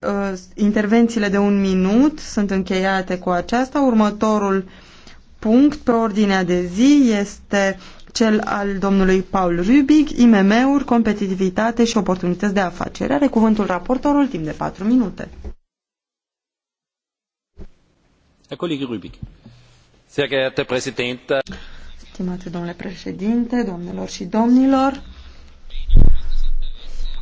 Uh, intervențiile de un minut sunt încheiate cu aceasta. Următorul punct pe ordinea de zi este cel al domnului Paul Rubic, IMM-uri, competitivitate și oportunități de afacere. Are cuvântul raportorul timp de 4 minute. Rubic. Stimate domnule președinte, domnilor și domnilor,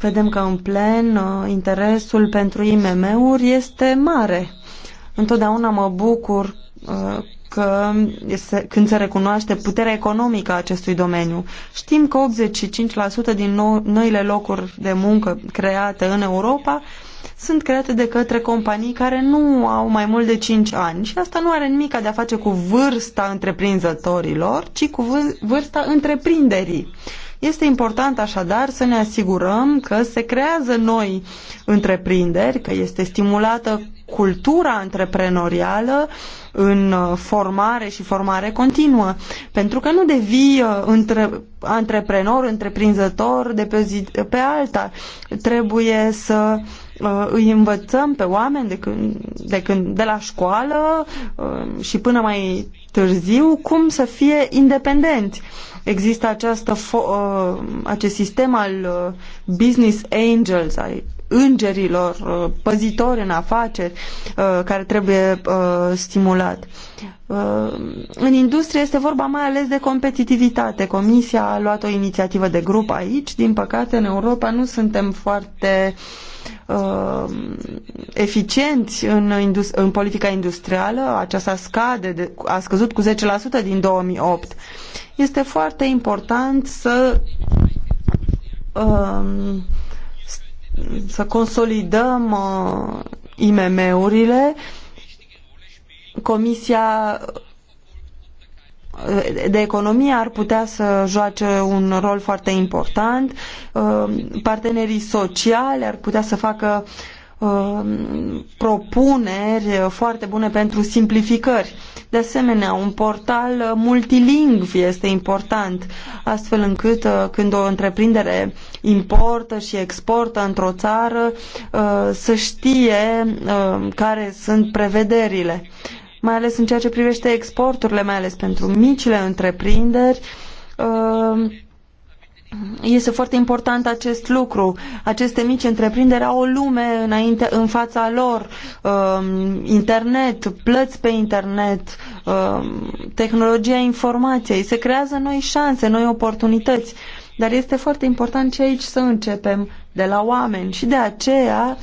Vedem că în plen uh, interesul pentru IMM-uri este mare. Întotdeauna mă bucur uh, că este, când se recunoaște puterea economică a acestui domeniu. Știm că 85% din noile locuri de muncă create în Europa sunt create de către companii care nu au mai mult de 5 ani și asta nu are nimic de a face cu vârsta întreprinzătorilor, ci cu vârsta întreprinderii. Este important așadar să ne asigurăm că se creează noi întreprinderi, că este stimulată cultura antreprenorială în uh, formare și formare continuă. Pentru că nu devii uh, între, antreprenor, întreprinzător de pe zi pe alta. Trebuie să uh, Uh, îi învățăm pe oameni de, când, de, când, de la școală uh, și până mai târziu cum să fie independenți. Există această uh, acest sistem al business angels, ai îngerilor, păzitori în afaceri, care trebuie stimulat. În industrie este vorba mai ales de competitivitate. Comisia a luat o inițiativă de grup aici. Din păcate, în Europa nu suntem foarte uh, uh, eficienți în, indus- în politica industrială, aceasta scade, de, a scăzut cu 10% din 2008. Este foarte important să uh, să consolidăm uh, IMM-urile. Comisia de economie ar putea să joace un rol foarte important, uh, partenerii sociali ar putea să facă uh, propuneri foarte bune pentru simplificări. De asemenea, un portal multilingv este important, astfel încât uh, când o întreprindere importă și exportă într-o țară să știe care sunt prevederile mai ales în ceea ce privește exporturile, mai ales pentru micile întreprinderi. Um, este foarte important acest lucru. Aceste mici întreprinderi au o lume înainte, în fața lor, um, internet, plăți pe internet, um, tehnologia informației. Se creează noi șanse, noi oportunități. Dar este foarte important și aici să începem de la oameni și de aceea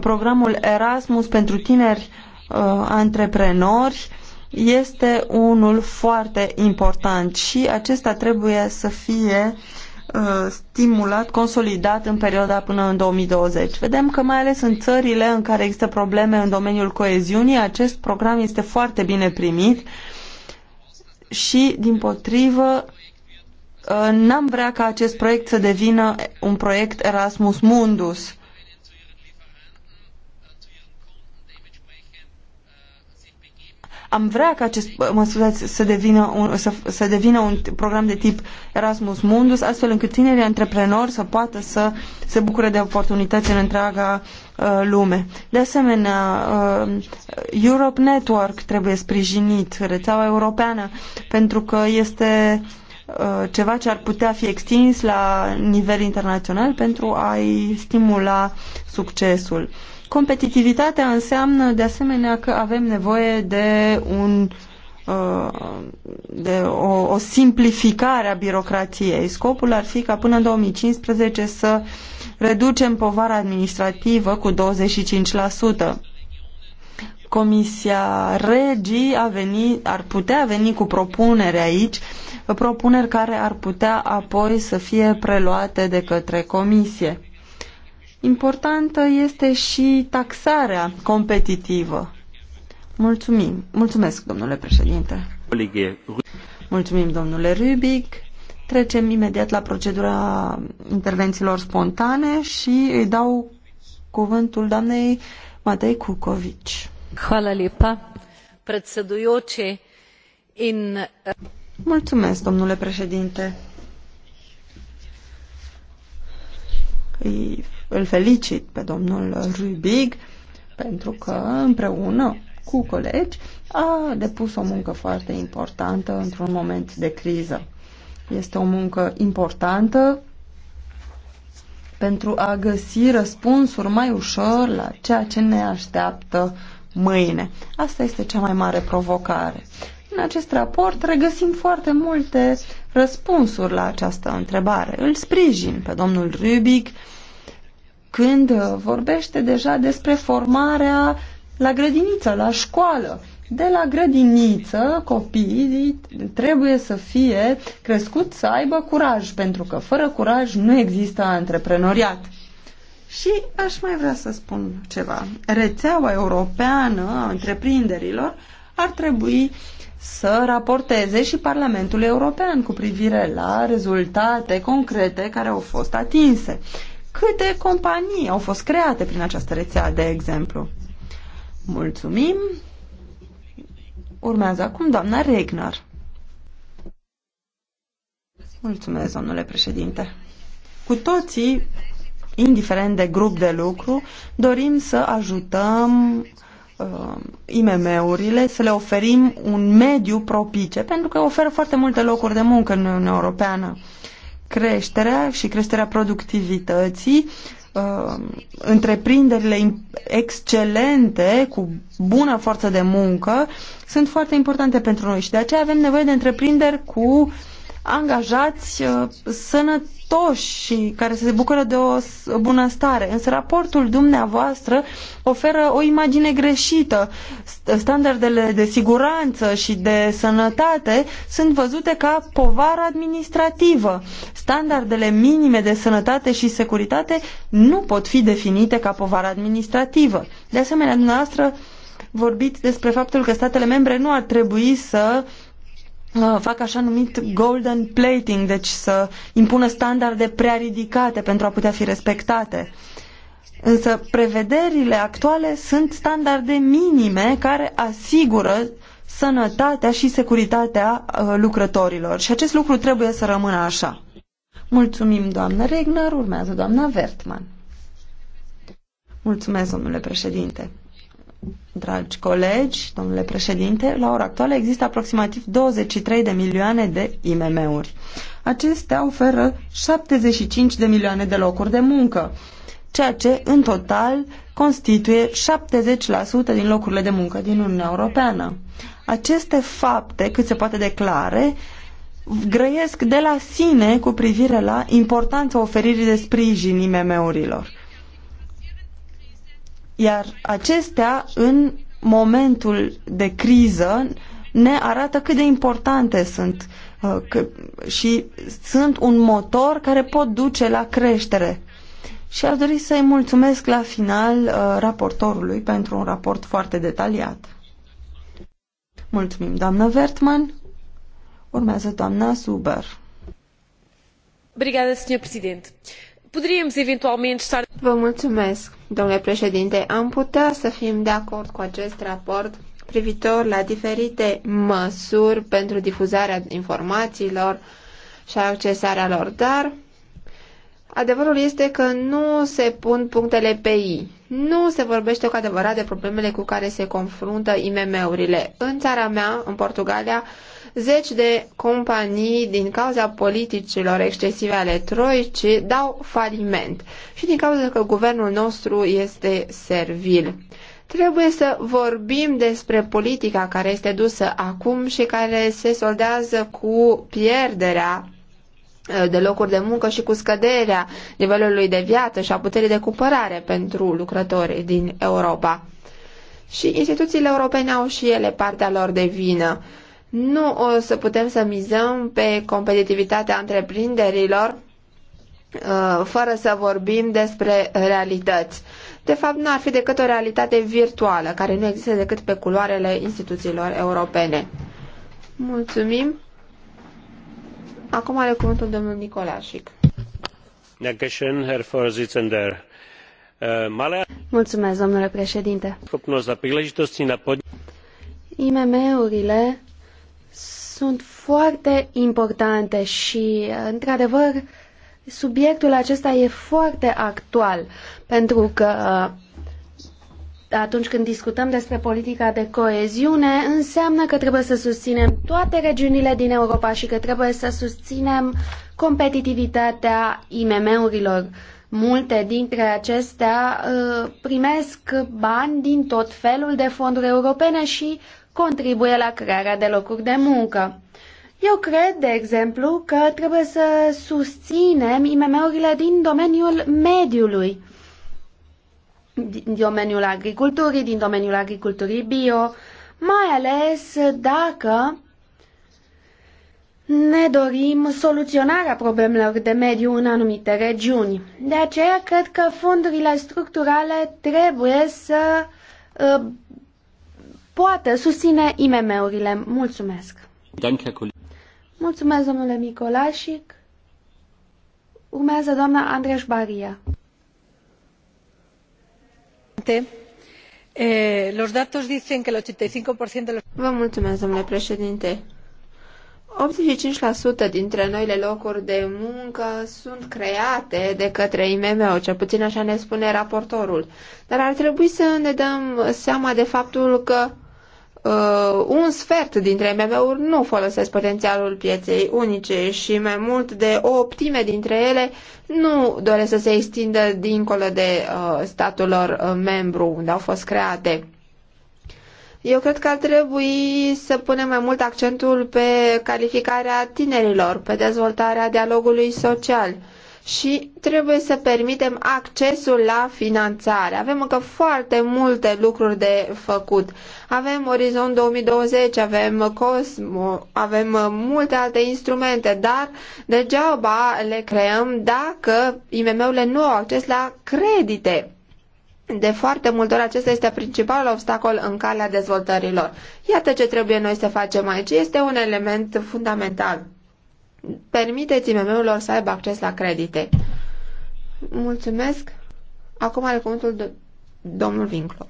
programul Erasmus pentru tineri Uh, antreprenori este unul foarte important și acesta trebuie să fie uh, stimulat, consolidat în perioada până în 2020. Vedem că mai ales în țările în care există probleme în domeniul coeziunii, acest program este foarte bine primit și, din potrivă, uh, n-am vrea ca acest proiect să devină un proiect Erasmus Mundus Am vrea ca acest, mă scuzați, să devină un, să, să devină un program de tip Erasmus Mundus, astfel încât tinerii antreprenori să poată să se bucure de oportunități în întreaga uh, lume. De asemenea, uh, Europe Network trebuie sprijinit, rețeaua europeană, pentru că este uh, ceva ce ar putea fi extins la nivel internațional pentru a-i stimula succesul. Competitivitatea înseamnă de asemenea că avem nevoie de un uh, de o, o simplificare a birocratiei. Scopul ar fi ca până în 2015 să reducem povara administrativă cu 25%. Comisia Regii a venit, ar putea veni cu propunere aici, propuneri care ar putea apoi să fie preluate de către Comisie. Importantă este și taxarea competitivă. Mulțumim. Mulțumesc, domnule președinte. Mulțumim, domnule Rubic. Trecem imediat la procedura intervențiilor spontane și îi dau cuvântul doamnei Matei Kukovic. Hvala lepa, predsedujoči Mulțumesc, domnule președinte. Îi, îl felicit pe domnul Rubig pentru că împreună cu colegi a depus o muncă foarte importantă într-un moment de criză. Este o muncă importantă pentru a găsi răspunsuri mai ușor la ceea ce ne așteaptă mâine. Asta este cea mai mare provocare. În acest raport regăsim foarte multe răspunsuri la această întrebare. Îl sprijin pe domnul Rubic când vorbește deja despre formarea la grădiniță, la școală. De la grădiniță, copiii trebuie să fie crescuți să aibă curaj, pentru că fără curaj nu există antreprenoriat. Și aș mai vrea să spun ceva. Rețeaua europeană a întreprinderilor ar trebui să raporteze și Parlamentul European cu privire la rezultate concrete care au fost atinse. Câte companii au fost create prin această rețea, de exemplu? Mulțumim! Urmează acum doamna Regner. Mulțumesc, domnule președinte. Cu toții, indiferent de grup de lucru, dorim să ajutăm uh, IMM-urile, să le oferim un mediu propice, pentru că oferă foarte multe locuri de muncă în Uniunea Europeană. Creșterea și creșterea productivității, uh, întreprinderile excelente, cu bună forță de muncă, sunt foarte importante pentru noi și de aceea avem nevoie de întreprinderi cu uh, angajați uh, sănătoși și care se bucură de o bunăstare. Însă raportul dumneavoastră oferă o imagine greșită. Standardele de siguranță și de sănătate sunt văzute ca povară administrativă. Standardele minime de sănătate și securitate nu pot fi definite ca povară administrativă. De asemenea, dumneavoastră vorbiți despre faptul că statele membre nu ar trebui să uh, Uh, fac așa numit golden plating, deci să impună standarde prea ridicate pentru a putea fi respectate. Însă prevederile actuale sunt standarde minime care asigură sănătatea și securitatea uh, lucrătorilor și acest lucru trebuie să rămână așa. Mulțumim, doamnă Regner. Urmează doamna Vertman. Mulțumesc, domnule președinte. Dragi colegi, domnule președinte, la ora actuală există aproximativ 23 de milioane de IMM-uri. Acestea oferă 75 de milioane de locuri de muncă, ceea ce în total constituie 70% din locurile de muncă din Uniunea Europeană. Aceste fapte, cât se poate declare, grăiesc de la sine cu privire la importanța oferirii de sprijin IMM-urilor. Iar acestea, în momentul de criză, ne arată cât de importante sunt uh, că, și sunt un motor care pot duce la creștere. Și aș dori să-i mulțumesc la final uh, raportorului pentru un raport foarte detaliat. Mulțumim, doamnă Vertman. Urmează doamna Suber. Obrigada, senhor presidente. Poderíamos eventualmente estar... domnule președinte. Am putea să fim de acord cu acest raport privitor la diferite măsuri pentru difuzarea informațiilor și accesarea lor, dar adevărul este că nu se pun punctele pe I. Nu se vorbește cu adevărat de problemele cu care se confruntă IMM-urile. În țara mea, în Portugalia, Zeci de companii, din cauza politicilor excesive ale troici dau faliment și din cauza că guvernul nostru este servil. Trebuie să vorbim despre politica care este dusă acum și care se soldează cu pierderea ă, de locuri de muncă și cu scăderea nivelului de viață și a puterii de cumpărare pentru lucrătorii din Europa. Și instituțiile europene au și ele partea lor de vină nu o să putem să mizăm pe competitivitatea întreprinderilor uh, fără să vorbim despre realități. De fapt, nu ar fi decât o realitate virtuală, care nu există decât pe culoarele instituțiilor europene. Mulțumim. Acum are cuvântul domnul Nicolașic. Uh, Mulțumesc, domnule președinte. imm urile sunt foarte importante și, într-adevăr, subiectul acesta e foarte actual, pentru că uh, atunci când discutăm despre politica de coeziune, înseamnă că trebuie să susținem toate regiunile din Europa și că trebuie să susținem competitivitatea IMM-urilor. Multe dintre acestea uh, primesc bani din tot felul de fonduri europene și contribuie la crearea de locuri de muncă. Eu cred, de exemplu, că trebuie să susținem IMM-urile din domeniul mediului, din domeniul agriculturii, din domeniul agriculturii bio, mai ales dacă ne dorim soluționarea problemelor de mediu în anumite regiuni. De aceea cred că fondurile structurale trebuie să uh, poată susține IMM-urile. Mulțumesc! Mulțumesc, domnule Micolașic. Urmează doamna Andreș Baria. Eh, los datos dicen que 85% de los... Vă mulțumesc, domnule președinte. 85% dintre noile locuri de muncă sunt create de către IMM-uri, cel puțin așa ne spune raportorul. Dar ar trebui să ne dăm seama de faptul că uh, un sfert dintre MM-uri nu folosesc potențialul pieței unice și mai mult de o optime dintre ele nu doresc să se extindă dincolo de uh, statul lor uh, membru unde au fost create. Eu cred că ar trebui să punem mai mult accentul pe calificarea tinerilor, pe dezvoltarea dialogului social și trebuie să permitem accesul la finanțare. Avem încă foarte multe lucruri de făcut. Avem Orizont 2020, avem Cosmo, avem multe alte instrumente, dar degeaba le creăm dacă IMM-urile nu au acces la credite. De foarte multe ori acesta este principalul obstacol în calea dezvoltărilor. Iată ce trebuie noi să facem aici. Este un element fundamental permiteți IMM-urilor să aibă acces la credite. Mulțumesc. Acum are cuvântul de domnul Vinclo.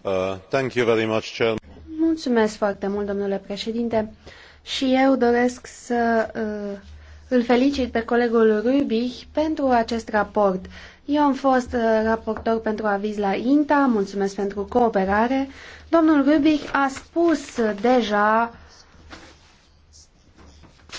Uh, thank you very much, Chair. Mulțumesc foarte mult, domnule președinte. Și eu doresc să uh, îl felicit pe colegul Rubich pentru acest raport. Eu am fost uh, raportor pentru aviz la INTA, mulțumesc pentru cooperare. Domnul Rubich a spus deja uh,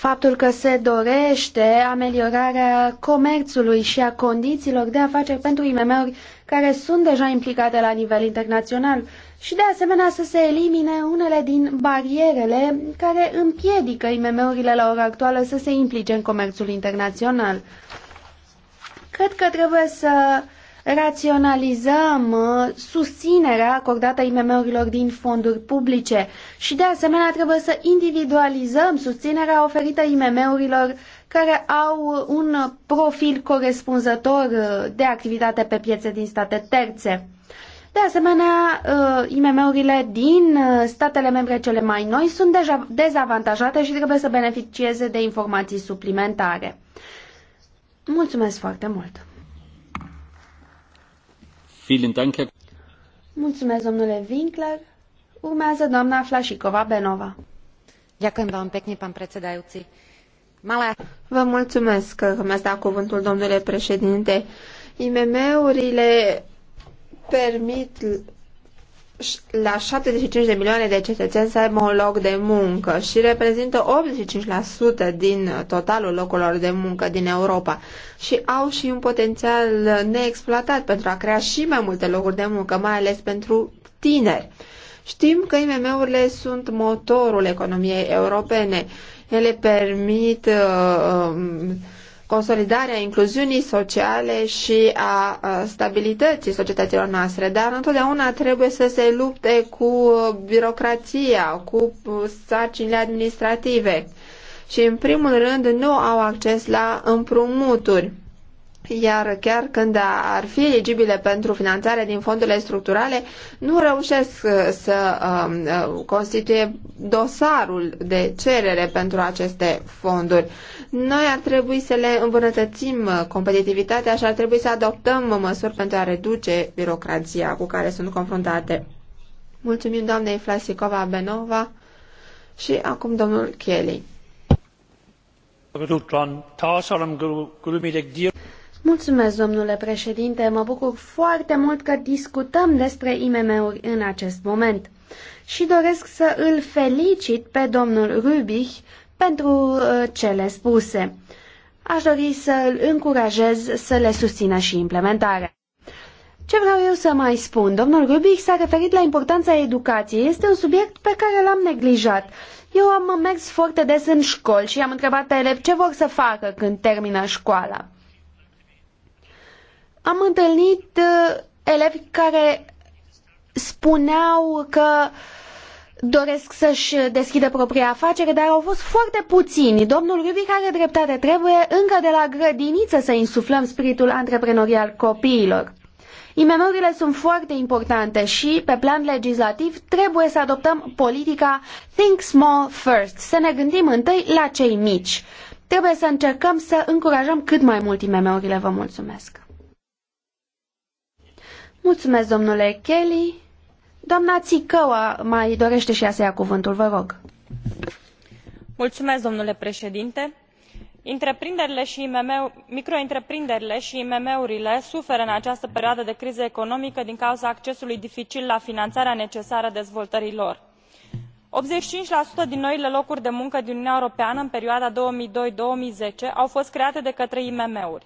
faptul că se dorește ameliorarea comerțului și a condițiilor de afaceri pentru IMM-uri care sunt deja implicate la nivel internațional și de asemenea să se elimine unele din barierele care împiedică IMM-urile la ora actuală să se implice în comerțul internațional. Cred că trebuie să uh, raționalizăm uh, susținerea acordată IMM-urilor din fonduri publice și de asemenea trebuie să individualizăm susținerea oferită IMM-urilor care au uh, un profil corespunzător uh, de activitate pe piețe din state terțe. De asemenea, IMM-urile din statele membre cele mai noi sunt deja dezavantajate și trebuie să beneficieze de informații suplimentare. Mulțumesc foarte mult! Mulțumesc, domnule Winkler. Urmează doamna Flașicova Benova. Ďakujem vám pekne, pán predsedajúci. Malá... Vă mulțumesc că mi-ați cuvântul, domnule președinte. IMM-urile permit la 75 de milioane de cetățeni să aibă un loc de muncă și reprezintă 85% din totalul locurilor de muncă din Europa și au și un potențial neexploatat pentru a crea și mai multe locuri de muncă, mai ales pentru tineri. Știm că IMM-urile sunt motorul economiei europene. Ele permit uh, um, consolidarea incluziunii sociale și a stabilității societăților noastre, dar întotdeauna trebuie să se lupte cu birocrația, cu uh, sarcinile administrative și, în primul rând, nu au acces la împrumuturi. Iar chiar când ar fi eligibile pentru finanțare din fondurile structurale, nu reușesc uh, să um, uh, constituie dosarul de cerere pentru aceste fonduri. Noi ar trebui să le îmbunătățim uh, competitivitatea și ar trebui să adoptăm uh, măsuri pentru a reduce birocrația cu care sunt confruntate. Mulțumim doamnei Flasicova Benova și acum domnul Kelly. Mulțumesc, domnule președinte. Mă bucur foarte mult că discutăm despre IMM-uri în acest moment. Și doresc să îl felicit pe domnul Rubich pentru uh, cele spuse. Aș dori să îl încurajez să le susțină și implementarea. Ce vreau eu să mai spun? Domnul Rubic s-a referit la importanța educației. Este un subiect pe care l-am neglijat. Eu am mers foarte des în școli și am întrebat pe elevi ce vor să facă când termină școala. Am întâlnit uh, elevi care spuneau că uh, doresc să-și deschidă propria afacere, dar au fost foarte puțini. Domnul Rubic are dreptate, trebuie încă de la grădiniță să insuflăm spiritul antreprenorial copiilor. IMM-urile sunt foarte importante și, pe plan legislativ, trebuie să adoptăm politica Think Small First, să ne gândim întâi la cei mici. Trebuie să încercăm să încurajăm cât mai mult IMM-urile. Vă mulțumesc! Mulțumesc, domnule Kelly! Doamna Țicăua mai dorește și ea să ia cuvântul, vă rog. Mulțumesc, domnule președinte. Întreprinderile și IMM, micro și imm urile suferă în această perioadă de criză economică din cauza accesului dificil la finanțarea necesară dezvoltării lor. 85% din noile locuri de muncă din Uniunea Europeană în perioada 2002-2010 au fost create de către IMM-uri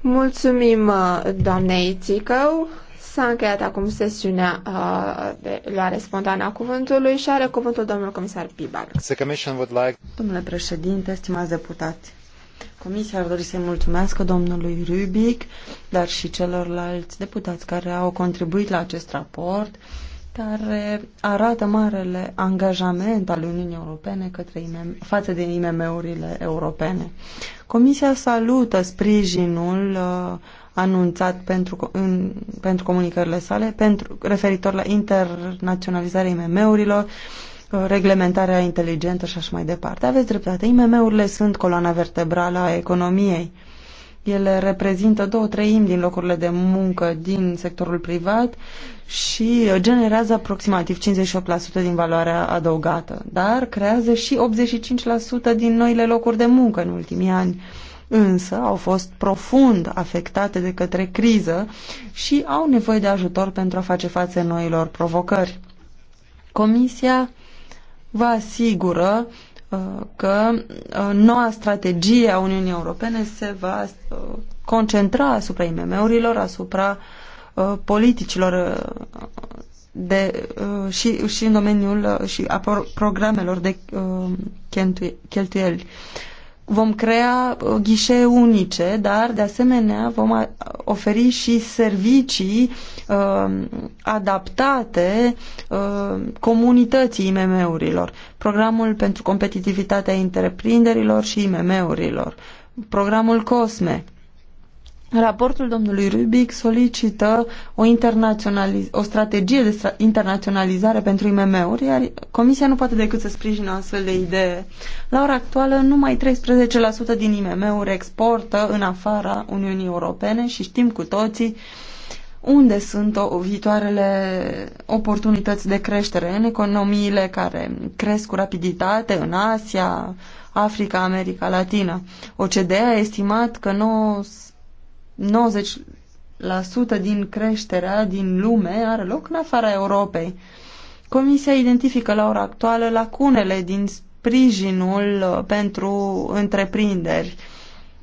Mulțumim uh, doamnei Țicău. S-a încheiat acum sesiunea uh, de luare spontană a cuvântului și are cuvântul domnul comisar Pibar. Like... Domnule președinte, stimați deputați, Comisia ar dori să-i mulțumesc domnului Rubic, dar și celorlalți deputați care au contribuit la acest raport care arată marele angajament al Uniunii Europene către IMM, față de IMM-urile europene. Comisia salută sprijinul uh, anunțat pentru, în, pentru comunicările sale pentru, referitor la internaționalizarea IMM-urilor, uh, reglementarea inteligentă și așa mai departe. Aveți dreptate, IMM-urile sunt coloana vertebrală a economiei ele reprezintă două treimi din locurile de muncă din sectorul privat și generează aproximativ 58% din valoarea adăugată, dar creează și 85% din noile locuri de muncă în ultimii ani însă au fost profund afectate de către criză și au nevoie de ajutor pentru a face față noilor provocări. Comisia vă asigură că uh, noua strategie a Uniunii Europene se va uh, concentra asupra IMM-urilor, asupra uh, politicilor de, și, și în domeniul și a programelor de cheltuieli vom crea uh, ghișee unice, dar de asemenea vom oferi și servicii uh, adaptate uh, comunității IMM-urilor. Programul pentru competitivitatea întreprinderilor și IMM-urilor. Programul COSME Raportul domnului Rubic solicită o, o strategie de stra internaționalizare pentru IMM-uri, iar Comisia nu poate decât să sprijină astfel de idee. La ora actuală, numai 13% din IMM-uri exportă în afara Uniunii Europene și știm cu toții unde sunt o, viitoarele oportunități de creștere în economiile care cresc cu rapiditate în Asia, Africa, America Latina. OCDE a estimat că 9 90% din creșterea din lume are loc în afara Europei. Comisia identifică la ora actuală lacunele din sprijinul uh, pentru întreprinderi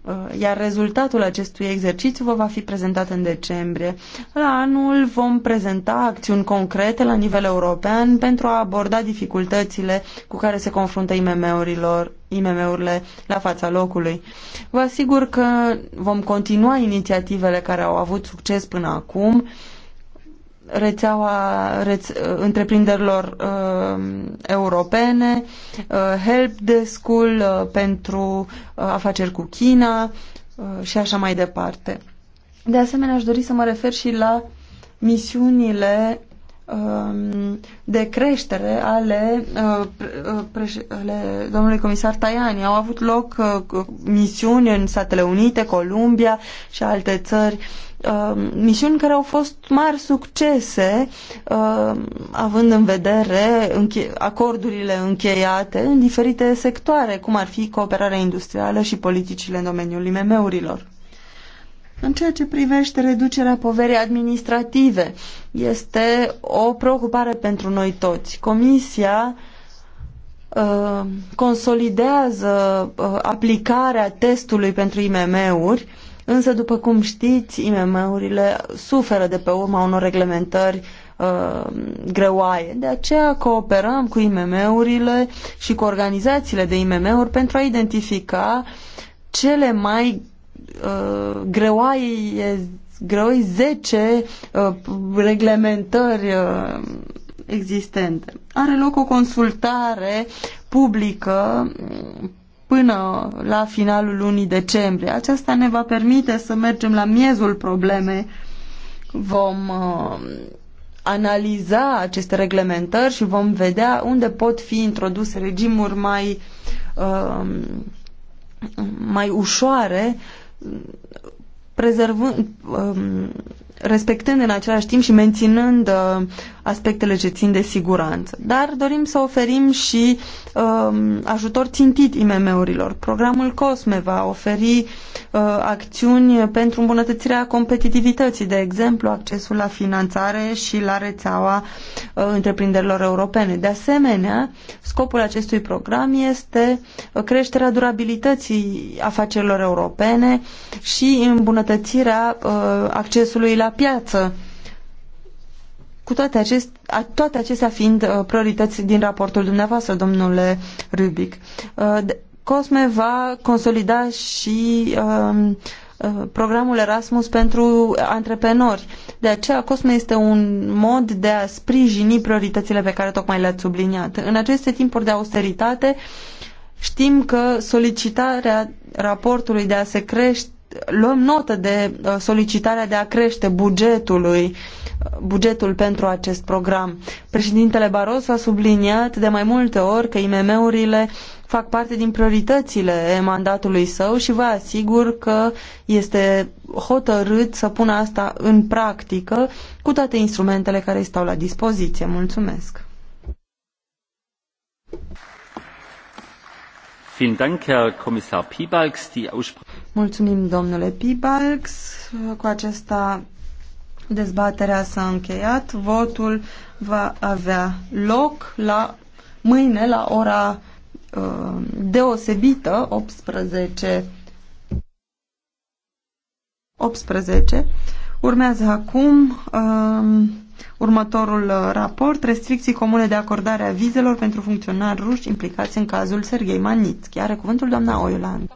Uh, iar rezultatul acestui exercițiu vă va fi prezentat în decembrie. La anul vom prezenta acțiuni concrete la nivel european pentru a aborda dificultățile cu care se confruntă IMM-urilor, IMM-urile la fața locului. Vă asigur că vom continua inițiativele care au avut succes până acum rețeaua întreprinderilor uh, europene, uh, desk ul uh, pentru uh, afaceri cu China uh, și așa mai departe. De asemenea, aș dori să mă refer și la misiunile um, de creștere ale, uh, uh, ale domnului comisar Tajani. Au avut loc uh, misiuni în Statele Unite, Columbia și alte țări Uh, misiuni care au fost mari succese, uh, având în vedere acordurile încheiate în diferite sectoare, cum ar fi cooperarea industrială și politicile în domeniul IMM-urilor. În ceea ce privește reducerea poverii administrative, este o preocupare pentru noi toți. Comisia uh, consolidează uh, aplicarea testului pentru IMM-uri Însă, după cum știți, IMM-urile suferă de pe urma unor reglementări uh, greoaie. De aceea cooperăm cu IMM-urile și cu organizațiile de IMM-uri pentru a identifica cele mai uh, greoaie, greoi 10 uh, reglementări uh, existente. Are loc o consultare publică până la finalul lunii decembrie. Aceasta ne va permite să mergem la miezul problemei. Vom uh, analiza aceste reglementări și vom vedea unde pot fi introduse regimuri mai, uh, mai ușoare, prezervând, uh, respectând în același timp și menținând uh, aspectele ce țin de siguranță. Dar dorim să oferim și um, ajutor țintit IMM-urilor. Programul COSME va oferi uh, acțiuni pentru îmbunătățirea competitivității, de exemplu accesul la finanțare și la rețeaua uh, întreprinderilor europene. De asemenea, scopul acestui program este uh, creșterea durabilității afacerilor europene și îmbunătățirea uh, accesului la piață. Cu toate, acest, toate acestea fiind uh, priorități din raportul dumneavoastră, domnule Rubic. Uh, Cosme va consolida și um, uh, programul Erasmus pentru antreprenori. De aceea, COSME este un mod de a sprijini prioritățile pe care tocmai le-ați subliniat. În aceste timpuri de austeritate, știm că solicitarea raportului de a se crește luăm notă de uh, solicitarea de a crește bugetului, uh, bugetul pentru acest program. Președintele Barroso a subliniat de mai multe ori că IMM-urile fac parte din prioritățile mandatului său și vă asigur că este hotărât să pună asta în practică cu toate instrumentele care îi stau la dispoziție. Mulțumesc! Vielen Dank, Herr Kommissar Piebalgs. Die Aussprache Mulțumim, domnule Pibalx. Cu acesta dezbaterea s-a încheiat. Votul va avea loc la mâine la ora uh, deosebită 18 18. Urmează acum uh, următorul raport, restricții comune de acordare a vizelor pentru funcționari ruși implicați în cazul Serghei Manitski. Are cuvântul doamna Oiuland.